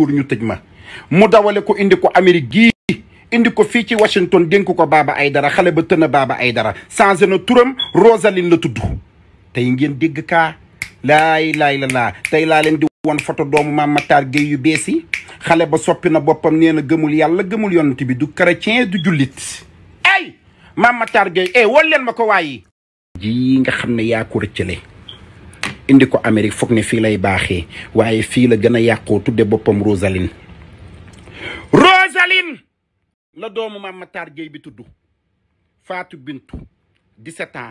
góor ñu tëj ma mu dawale ko indi ko Amérique gii indi ko fii ci Washington dénk ko Baba Aydara xale ba tën a Baba Aydara changé na turam Rosaline la tudd tey ngeen dégg ka lay laay la laa tey laa leen di woon doomu maam Matar Gueye yu bees yi xale ba soppi na boppam nee na gëmul yàlla gëmul yonent bi du chrétien du jullit ay maam Matar Gueye eh leen ma ko waayi ji nga xam ne yaa ko rëccale indi ko Amérique foog ne fii lay baaxee waaye fii la gën yàqoo tudde boppam Rosaline Rosaline la doomu Mame Matar Gueye bi tudd Fatou Bintou 17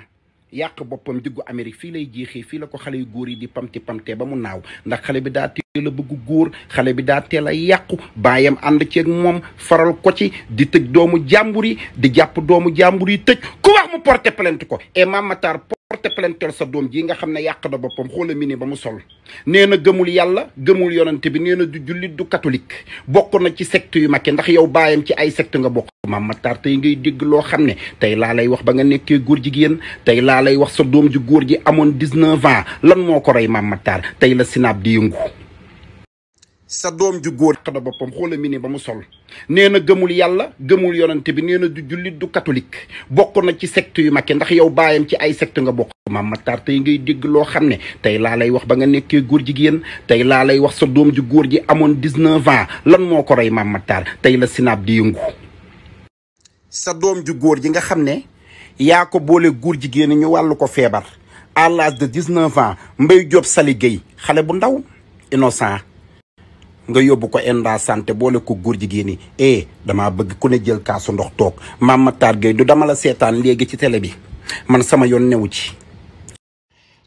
yàq boppam diggu Amérique fii lay jeexee fii la ko xale yu góor yi di pamti pamtee ba mu naaw ndax xale bi daa teel a bëgg góor xale bi daa teel a yàqu baayam mom ceeg faral ko ci di tëj doomu jàmbur yi di jàpp doomu jàmbur yi tëj wax mu porté plainte ko et Mame porte plainte sa doom ji nga xam ne yàq na boppam xoola mini ba mu sol nee na gëmul yàlla gëmul yonante bi nee na du jullit du catholique bokk na ci secte yu mag yi ndax yow baayam ci ay secte nga bokk Mame Matar tey ngay dégg loo xam ne tey laa lay wax ba nga nekkee góor jigéen tey laa lay wax sa doom ju góor ji amoon 19 ans lan moo ko rey Mame tey la sinaab di yëngu sa doom ju góor xada boppam xoola mi ni ba mu sol nee na gëmul yàlla gëmul yonante bi nee na du jullit du catholique bokk ci secte yu mag yi ndax yow baayam ci ay secte nga bokk maam Matar tey ngay dégg loo xam ne tey laa lay wax ba nga nekkee góor jigéen tey laa lay wax sa doom ju góor ji amoon dix-neuf ans lan moo ko rey maam tey la sinaab di yëngu sa doom ju góor ji nga xam ne yaa ko boole góor jigéen ñu wàllu ko feebar à l'âge de dix-neuf ans Mbaye Diop Sali Gueye xale bu ndaw innocent nga yóbbu ko inda santé boole ko góor jigéen yi eh, damaa bëgg ku ne jël kaasu ndox toog maam ma Gueye du dama la seetaan léegi ci télé bi man sama yoon newu ci.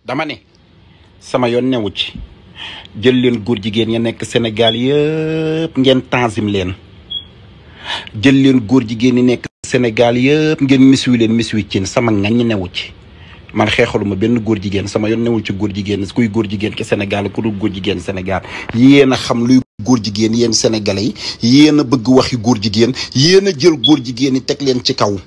dama ne sama yoon newu ci jël leen góor jigéen ya nekk Sénégal yëpp ngeen tanzim leen jël leen góor jigéen yi nekk Sénégal yëpp ngeen miss misuwi leen miss wi cin sama ngañ newu ci. man xeexaluma benn góor jigéen sama yoon newul ci góor jigéen kuy góor jigéen ci Sénégal ku dul góor jigéen Sénégal yéen a xam luy góor jigéen yéen senegale yi yéen a bëgg waxi góor jigéen yéen a jël góor jigéen yi teg leen ci kaw